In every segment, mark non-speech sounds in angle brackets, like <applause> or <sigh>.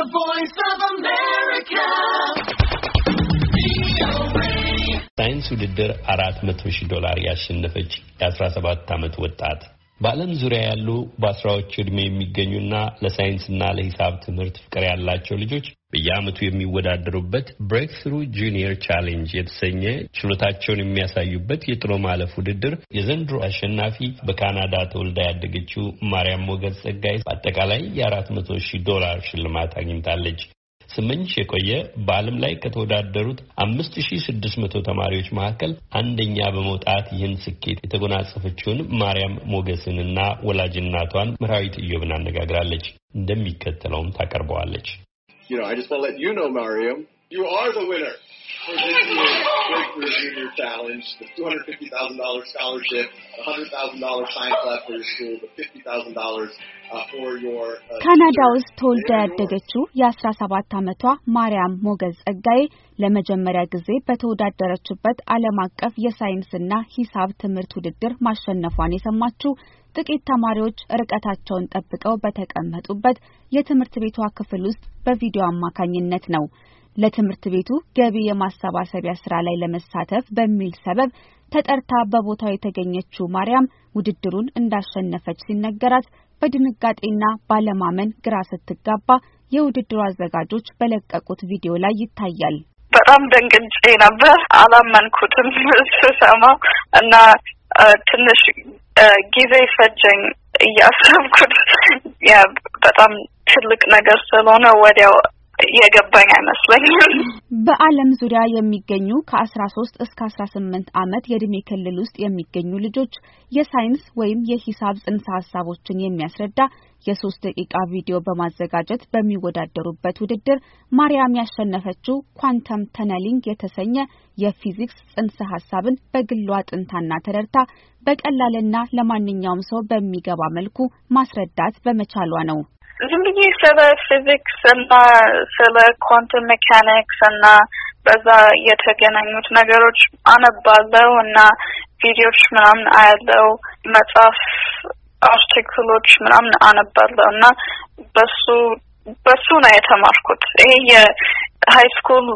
The voice of America. ሳይንስ ውድድር አራት መቶ ሺህ ዶላር ያሸነፈች የ17 ዓመት ወጣት በዓለም ዙሪያ ያሉ በአስራዎች ዕድሜ የሚገኙና ለሳይንስና ለሂሳብ ትምህርት ፍቅር ያላቸው ልጆች በየዓመቱ የሚወዳደሩበት ብሬክ ጁኒየር ቻሌንጅ የተሰኘ ችሎታቸውን የሚያሳዩበት የጥሎ ማለፍ ውድድር የዘንድሮ አሸናፊ በካናዳ ተወልዳ ያደገችው ማርያም ሞገዝ ጸጋይ በአጠቃላይ የአራት መቶ ሺህ ዶላር ሽልማት አግኝታለች። ስመኝሽ የቆየ በአለም ላይ ከተወዳደሩት አምስት ሺ ስድስት መቶ ተማሪዎች መካከል አንደኛ በመውጣት ይህን ስኬት የተጎናጸፈችውን ማርያም ሞገስን ና ወላጅናቷን ምራዊት እዮብን አነጋግራለች። እንደሚከተለውም ታቀርበዋለች። ካናዳ ውስጥ ተወልዳ ያደገችው የ17 ዓመቷ ማርያም ሞገዝ ጸጋዬ ለመጀመሪያ ጊዜ በተወዳደረችበት ዓለም አቀፍ የሳይንስና ሂሳብ ትምህርት ውድድር ማሸነፏን የሰማችው ጥቂት ተማሪዎች ርቀታቸውን ጠብቀው በተቀመጡበት የትምህርት ቤቷ ክፍል ውስጥ በቪዲዮ አማካኝነት ነው። ለትምህርት ቤቱ ገቢ የማሰባሰቢያ ስራ ላይ ለመሳተፍ በሚል ሰበብ ተጠርታ በቦታው የተገኘችው ማርያም ውድድሩን እንዳሸነፈች ሲነገራት በድንጋጤና ባለማመን ግራ ስትጋባ የውድድሩ አዘጋጆች በለቀቁት ቪዲዮ ላይ ይታያል። በጣም ደንግጬ ነበር። አላመንኩትም ስሰማው እና ትንሽ ጊዜ ፈጀኝ እያሰብኩት። ያ በጣም ትልቅ ነገር ስለሆነ ወዲያው የገባኝ አይመስለኝም። በዓለም ዙሪያ የሚገኙ ከአስራ ሶስት እስከ አስራ ስምንት ዓመት የእድሜ ክልል ውስጥ የሚገኙ ልጆች የሳይንስ ወይም የሂሳብ ጽንሰ ሀሳቦችን የሚያስረዳ የሶስት ደቂቃ ቪዲዮ በማዘጋጀት በሚወዳደሩበት ውድድር ማርያም ያሸነፈችው ኳንተም ተነሊንግ የተሰኘ የፊዚክስ ጽንሰ ሀሳብን በግሏ ጥንታና ተረድታ በቀላልና ለማንኛውም ሰው በሚገባ መልኩ ማስረዳት በመቻሏ ነው። ዝም ብዬ ስለ ፊዚክስ እና ስለ ኳንተም ሜካኒክስ እና በዛ የተገናኙት ነገሮች አነባለው እና ቪዲዮዎች ምናምን አያለው፣ መጽሐፍ አርቲክሎች ምናምን አነባለው እና በሱ በሱ ነው የተማርኩት። ይሄ የሀይ ስኩል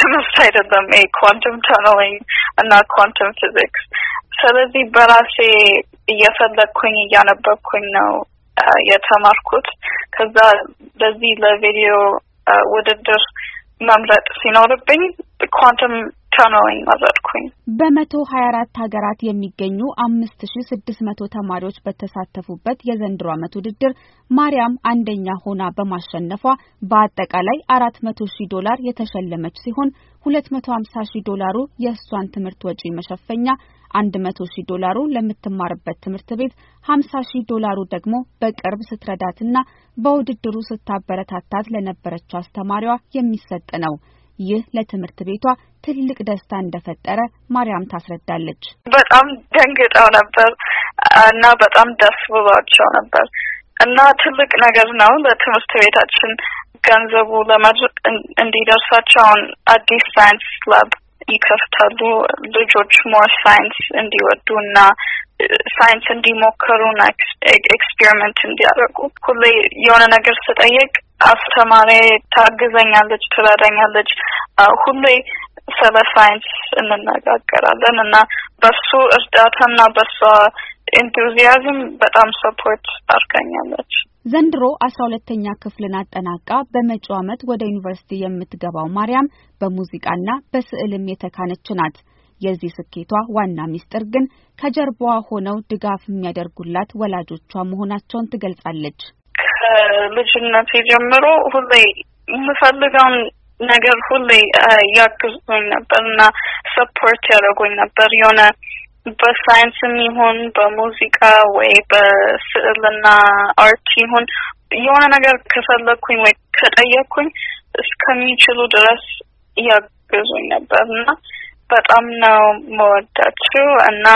ትምህርት አይደለም። ይሄ ኳንቱም ተነሊንግ እና ኳንቱም ፊዚክስ። ስለዚህ በራሴ እየፈለግኩኝ እያነበብኩኝ ነው የተማርኩት። ከዛ በዚህ ለቪዲዮ ውድድር መምረጥ ሲኖርብኝ ኳንተም ነው የማዘርኩኝ። በመቶ ሀያ አራት ሀገራት የሚገኙ አምስት ሺ ስድስት መቶ ተማሪዎች በተሳተፉበት የዘንድሮ ዓመት ውድድር ማርያም አንደኛ ሆና በማሸነፏ በአጠቃላይ አራት መቶ ሺ ዶላር የተሸለመች ሲሆን ሁለት መቶ ሀምሳ ሺ ዶላሩ የእሷን ትምህርት ወጪ መሸፈኛ አንድ መቶ ሺህ ዶላሩ ለምትማርበት ትምህርት ቤት ሀምሳ ሺህ ዶላሩ ደግሞ በቅርብ ስትረዳትና በውድድሩ ስታበረታታት ለነበረችው አስተማሪዋ የሚሰጥ ነው። ይህ ለትምህርት ቤቷ ትልቅ ደስታ እንደፈጠረ ማርያም ታስረዳለች። በጣም ደንግጠው ነበር እና በጣም ደስ ብሏቸው ነበር እና ትልቅ ነገር ነው ለትምህርት ቤታችን ገንዘቡ እንዲደርሳቸው እንዲደርሳቸውን አዲስ ሳይንስ ላብ ይከፍታሉ። ልጆች ሞር ሳይንስ እንዲወዱ እና ሳይንስ እንዲሞከሩ እና ኤክስፔሪመንት እንዲያደርጉ ሁሌ የሆነ ነገር ስጠየቅ አስተማሪ ታግዘኛለች፣ ትረዳኛለች። ሁሌ ስለ ሳይንስ እንነጋገራለን እና በሱ እርዳታና በሷ ኢንቱዚያዝም በጣም ሰፖርት አድርጋኛለች። ዘንድሮ አስራ ሁለተኛ ክፍልን አጠናቃ በመጪው ዓመት ወደ ዩኒቨርሲቲ የምትገባው ማርያም በሙዚቃና በስዕልም የተካነች ናት። የዚህ ስኬቷ ዋና ሚስጥር ግን ከጀርባዋ ሆነው ድጋፍ የሚያደርጉላት ወላጆቿ መሆናቸውን ትገልጻለች። ከልጅነት ጀምሮ ሁሌ የምፈልገውን ነገር ሁሌ ያግዙኝ ነበር እና ሰፖርት ያደረጉኝ ነበር የሆነ በሳይንስም ይሁን በሙዚቃ ወይ በስዕልና አርት ይሁን የሆነ ነገር ከፈለግኩኝ ወይ ከጠየቅኩኝ እስከሚችሉ ድረስ ያግዙኝ ነበር እና በጣም ነው መወዳችው እና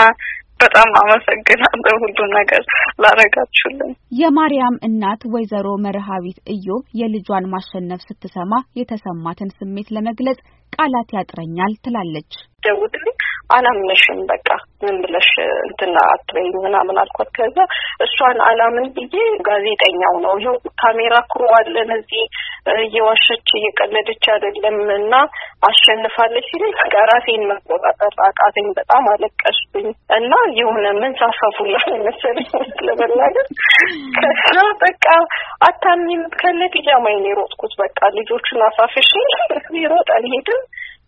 በጣም አመሰግናለሁ ሁሉ ነገር ላረጋችሁልን። የማርያም እናት ወይዘሮ መርሃዊት እዮብ የልጇን ማሸነፍ ስትሰማ የተሰማትን ስሜት ለመግለጽ ቃላት ያጥረኛል ትላለች። ደውልልኝ አላምነሽም በቃ ምን ብለሽ እንትና አትበይ ምናምን አልኳት። ከዛ እሷን አላምን ብዬ ጋዜጠኛው ነው ይኸው ካሜራ ክሩ አለን እዚህ እየዋሸች እየቀለደች አይደለም እና አሸንፋለች ሲለኝ በቃ ራሴን መቆጣጠር አቃተኝ። በጣም አለቀሽብኝ እና የሆነ ምን ሳሳፉላ መሰለኝ ለመናገር ከዛ በቃ አታሚም ከነ ፒጃማዬን የሮጥኩት በቃ ልጆቹን አፋፍሼ ሮጠን ሄድን።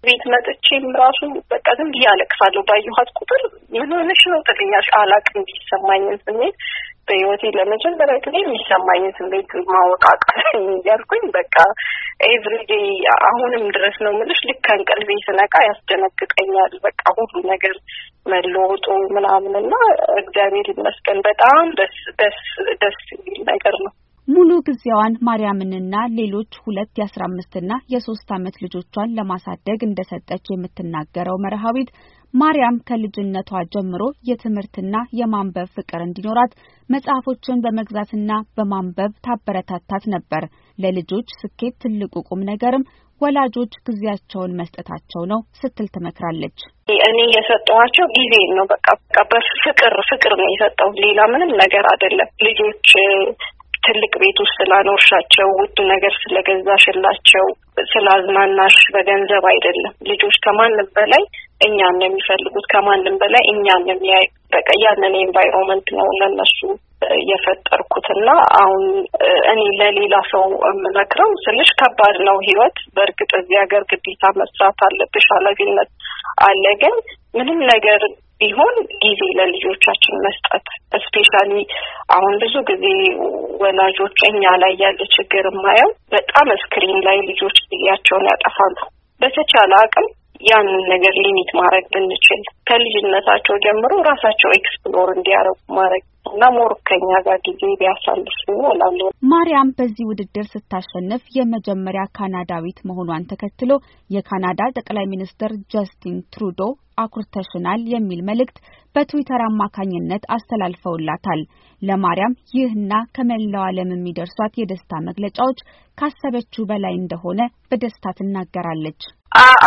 ቤት መጥቼም ራሱ በቃ ዝም ብዬ አለቅሳለሁ። ባየኋት ቁጥር ምን ሆነሽ ነው ትለኛለሽ። አላቅ እንዲሰማኝን ስሜት በህይወቴ ለመጀመሪያ ጊዜ የሚሰማኝን ስሜት ማወቅ አቃተኝ እያልኩኝ በቃ ኤቭሪዴይ አሁንም ድረስ ነው የምልሽ። ልክ ከእንቅልቤ ስነቃ ያስደነግጠኛል። በቃ ሁሉ ነገር መለወጡ ምናምን እና እግዚአብሔር ይመስገን በጣም ደስ ደስ ደስ የሚል ነገር ነው። ሙሉ ጊዜዋን ማርያምንና ሌሎች ሁለት የአስራ አምስትና የሶስት ዓመት ልጆቿን ለማሳደግ እንደሰጠች የምትናገረው መርሃዊት ማርያም ከልጅነቷ ጀምሮ የትምህርትና የማንበብ ፍቅር እንዲኖራት መጽሐፎችን በመግዛትና በማንበብ ታበረታታት ነበር። ለልጆች ስኬት ትልቁ ቁም ነገርም ወላጆች ጊዜያቸውን መስጠታቸው ነው ስትል ትመክራለች። እኔ የሰጠኋቸው ጊዜ ነው። በቃ በፍቅር ፍቅር ነው የሰጠው፣ ሌላ ምንም ነገር አይደለም። ልጆች ትልቅ ቤት ውስጥ ስላኖርሻቸው፣ ውድ ነገር ስለገዛሽላቸው፣ ስላዝናናሽ በገንዘብ አይደለም። ልጆች ከማንም በላይ እኛን ነው የሚፈልጉት። ከማንም በላይ እኛን ነው የሚያዩ። በቃ ያንን ኤንቫይሮንመንት ነው ለነሱ የፈጠርኩት እና አሁን እኔ ለሌላ ሰው የምመክረው ስልሽ ከባድ ነው ህይወት። በእርግጥ እዚህ ሀገር ግዴታ መስራት አለብሽ፣ ኃላፊነት አለ። ግን ምንም ነገር ቢሆን ጊዜ ለልጆቻችን መስጠት እስፔሻሊ አሁን ብዙ ጊዜ ወላጆች እኛ ላይ ያለ ችግር የማየው በጣም ስክሪን ላይ ልጆች ጊዜያቸውን ያጠፋሉ። በተቻለ አቅም ያንን ነገር ሊሚት ማድረግ ብንችል ከልጅነታቸው ጀምሮ ራሳቸው ኤክስፕሎር እንዲያደርጉ ማድረግ እና ሞር ከኛ ጋር ጊዜ ቢያሳልፉ እላለሁ። ማርያም በዚህ ውድድር ስታሸንፍ የመጀመሪያ ካናዳዊት መሆኗን ተከትሎ የካናዳ ጠቅላይ ሚኒስትር ጀስቲን ትሩዶ አኩርተሽናል የሚል መልእክት በትዊተር አማካኝነት አስተላልፈውላታል። ለማርያም ይህና ከመላው ዓለም የሚደርሷት የደስታ መግለጫዎች ካሰበችው በላይ እንደሆነ በደስታ ትናገራለች።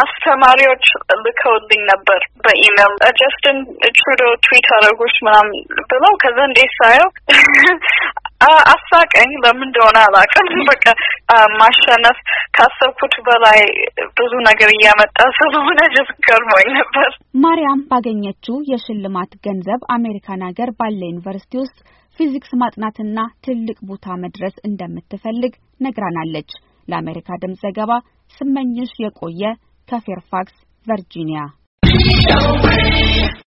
አስተማሪዎች ልከውልኝ ነበር በኢሜል ጀስትን ትሩዶ ትዊት አደረጎች ምናምን ብለው ከዛ እንዴት ሳየው አሳቀኝ። ለምን እንደሆነ አላውቅም። <laughs> በቃ ማሸነፍ ካሰብኩት በላይ ብዙ ነገር እያመጣ ስለሆነ ጅስ ገርሞኝ ነበር። ማርያም ባገኘችው የሽልማት ገንዘብ አሜሪካን ሀገር ባለ ዩኒቨርሲቲ ውስጥ ፊዚክስ ማጥናትና ትልቅ ቦታ መድረስ እንደምትፈልግ ነግራናለች። ለአሜሪካ ድምፅ ዘገባ ስመኝሽ የቆየ ከፌርፋክስ ቨርጂኒያ